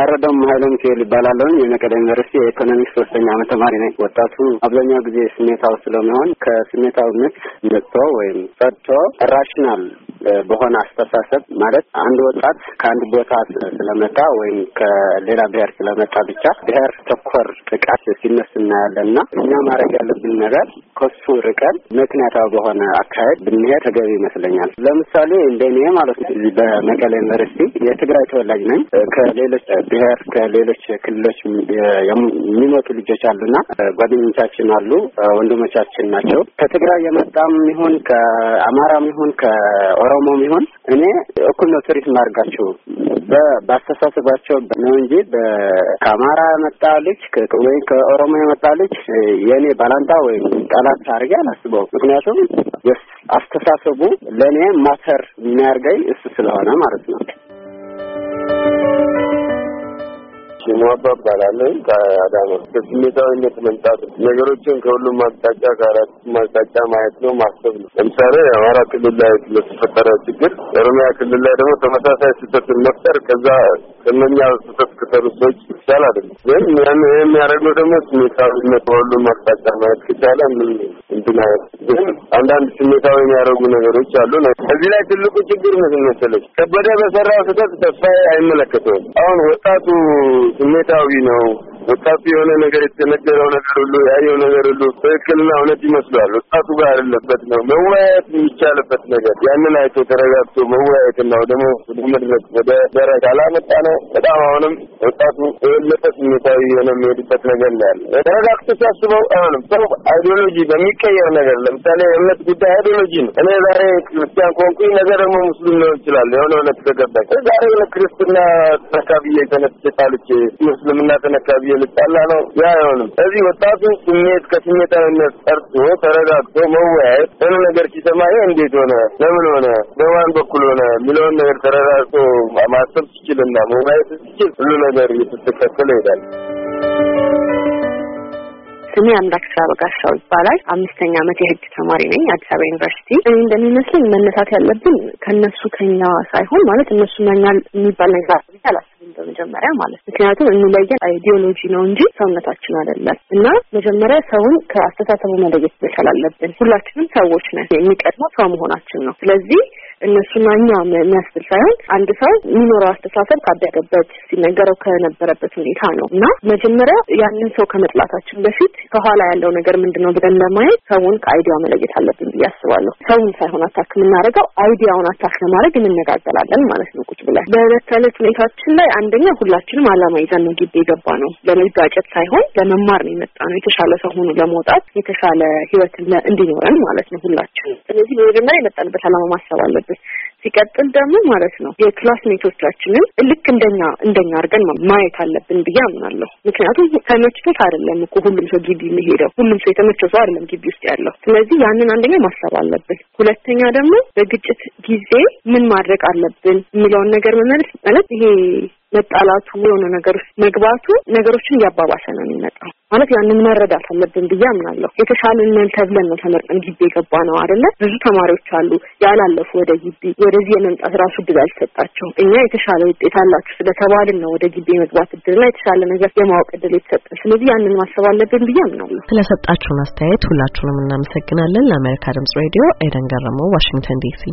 አረዳም ሀይሎም ኬል ይባላለሁ። የመቀሌ ዩኒቨርሲቲ የኢኮኖሚክስ ሶስተኛ ዓመት ተማሪ ነኝ። ወጣቱ አብዛኛው ጊዜ ስሜታው ስለሚሆን ከስሜታዊነት መጥቶ ወይም ጸድቶ ራሽናል በሆነ አስተሳሰብ ማለት አንድ ወጣት ከአንድ ቦታ ስለመጣ ወይም ከሌላ ብሔር ስለመጣ ብቻ ብሔር ተኮር ጥቃት ሲነስ እናያለን እና እኛ ማድረግ ያለብን ነገር ከሱ ርቀን ምክንያታዊ በሆነ አካሄድ ብንሄድ ተገቢ ይመስለኛል። ለምሳሌ እንደኔ ማለት ነው እዚህ በመቀሌ ዩኒቨርሲቲ የትግራይ ተወላጅ ነኝ። ከሌሎች ብሔር ከሌሎች ክልሎች የሚመጡ ልጆች አሉና ጓደኞቻችን አሉ፣ ወንድሞቻችን ናቸው። ከትግራይ የመጣም ይሁን ከአማራም ይሁን ከኦሮሞም ይሁን እኔ እኩል ነው ትሪት ማድርጋቸው በአስተሳሰባቸው ነው እንጂ ከአማራ መጣ ልጅ ወይም ከኦሮሞ የመጣ ልጅ የእኔ ባላንጣ ወይም ጠላት አድርጌ አላስበው። ምክንያቱም አስተሳሰቡ ለእኔ ማተር የሚያርገኝ እሱ ስለሆነ ማለት ነው። ኪሞባ እባላለሁ ከአዳማ። በስሜታዊነት መምጣት ነገሮችን ከሁሉም አቅጣጫ ከአራት አቅጣጫ ማየት ነው፣ ማሰብ ነው። ለምሳሌ አማራ ክልል ላይ ስለተፈጠረ ችግር፣ ኦሮሚያ ክልል ላይ ደግሞ ተመሳሳይ ስህተትን መፍጠር ከዛ ከመኛ ስህተት ከሰሩ ሰዎች ይቻል አይደለም። ግን ይህ የሚያደርገው ደግሞ ስሜታዊነት ከሁሉም አቅጣጫ ማየት ከቻለ ምን ነው። ግን አንዳንድ ስሜታዊ የሚያደርጉ ነገሮች አሉ። እዚህ ላይ ትልቁ ችግር ምን መሰለሽ፣ ከበደ በሰራው ስህተት ተስፋዬ አይመለከተውም። አሁን ወጣቱ ስሜታዊ ነው ወጣቱ የሆነ ነገር የተነገረው ነገር ሁሉ ያየው ነገር ሁሉ ትክክልና እውነት ይመስሏል። ወጣቱ ጋር አይደለበት ነው መወያየት የሚቻልበት ነገር ያንን አይቶ ተረጋግቶ መወያየትና ደግሞ ወደ መድረክ ወደ ደረግ አላመጣ ነው። በጣም አሁንም ወጣቱ የበለጠ ስሜታዊ የሆነ የሚሄድበት ነገር ነው ያለ ተረጋግቶ ሲያስበው አሁንም ሰው አይዲዮሎጂ በሚቀየር ነገር ለምሳሌ የእምነት ጉዳይ አይዲዮሎጂ ነው። እኔ ዛሬ ክርስቲያን ኮንኩኝ ነገ ደግሞ ሙስሊም ሊሆን ይችላል። የሆነ እውነት ተገባኝ ዛሬ የሆነ ክርስትና ተነካብዬ ተነስቼ ጣልቼ ሙስልምና ተነካብዬ ልጣላ ነው። ያ አይሆንም። ስለዚህ ወጣቱ ስሜት ከስሜታዊነት ጠርቶ ተረጋግቶ መወያየት ሆነ ነገር ሲሰማ ይሄ እንዴት ሆነ፣ ለምን ሆነ፣ በማን በኩል ሆነ የሚለውን ነገር ተረጋግቶ ማሰብ ሲችልና መወያየት ሲችል ሁሉ ነገር እየተስተካከለ ይሄዳል። ስሜ አምላክ ስራ በጋሻው ይባላል። አምስተኛ ዓመት የህግ ተማሪ ነኝ አዲስ አበባ ዩኒቨርሲቲ። እኔ እንደሚመስለኝ መነሳት ያለብን ከነሱ ከኛ ሳይሆን ማለት እነሱ መኛል የሚባል ነገር አላስብም። በመጀመሪያ ማለት ምክንያቱም እንለየን አይዲዮሎጂ ነው እንጂ ሰውነታችን አይደለም እና መጀመሪያ ሰውን ከአስተሳሰቡ መለየት መቻል አለብን። ሁላችንም ሰዎች ነን። የሚቀድመው ሰው መሆናችን ነው። ስለዚህ እነሱና እኛ የሚያስብል ሳይሆን አንድ ሰው የሚኖረው አስተሳሰብ ካደገበት ሲነገረው ከነበረበት ሁኔታ ነው እና መጀመሪያ ያንን ሰው ከመጥላታችን በፊት ከኋላ ያለው ነገር ምንድን ነው ብለን ለማየት ሰውን ከአይዲያ መለየት አለብን ብዬ አስባለሁ። ሰውን ሳይሆን አታክ የምናደርገው አይዲያውን አታክ ለማድረግ እንነጋገላለን ማለት ነው ቁጭ ብለን በዕለት ተዕለት ሁኔታችን ላይ አንደኛ ሁላችንም አላማ ይዘን ነው ግቢ የገባ ነው። ለመጋጨት ሳይሆን ለመማር ነው የመጣ ነው። የተሻለ ሰው ሆኖ ለመውጣት የተሻለ ህይወት እንዲኖረን ማለት ነው ሁላችን። ስለዚህ በመጀመሪያ የመጣንበት አላማ ማሰብ አለብን። አለብን። ሲቀጥል ደግሞ ማለት ነው የክላስሜቶቻችንን ልክ እንደኛ እንደኛ አድርገን ማየት አለብን ብዬ አምናለሁ። ምክንያቱም ተመችቶት አይደለም እኮ ሁሉም ሰው ግቢ የሚሄደው ሁሉም ሰው የተመቸው ሰው አይደለም ግቢ ውስጥ ያለው። ስለዚህ ያንን አንደኛ ማሰብ አለብን። ሁለተኛ ደግሞ በግጭት ጊዜ ምን ማድረግ አለብን የሚለውን ነገር መመለስ ማለት ይሄ መጣላቱ የሆነ ነገር ውስጥ መግባቱ ነገሮችን እያባባሰ ነው የሚመጣው። ማለት ያንን መረዳት አለብን ብዬ አምናለሁ። የተሻለንን ተብለን ነው ተመርጠን ግቢ የገባ ነው አይደለ? ብዙ ተማሪዎች አሉ ያላለፉ ወደ ግቢ ወደዚህ የመምጣት ራሱ እድል አልተሰጣቸው። እኛ የተሻለ ውጤት አላችሁ ስለተባልን ነው ወደ ግቢ የመግባት እድልና የተሻለ ነገር የማወቅ እድል የተሰጠን። ስለዚህ ያንን ማሰብ አለብን ብዬ አምናለሁ። ስለሰጣችሁን አስተያየት ሁላችሁንም እናመሰግናለን። ለአሜሪካ ድምጽ ሬዲዮ ኤደን ገረመው፣ ዋሽንግተን ዲሲ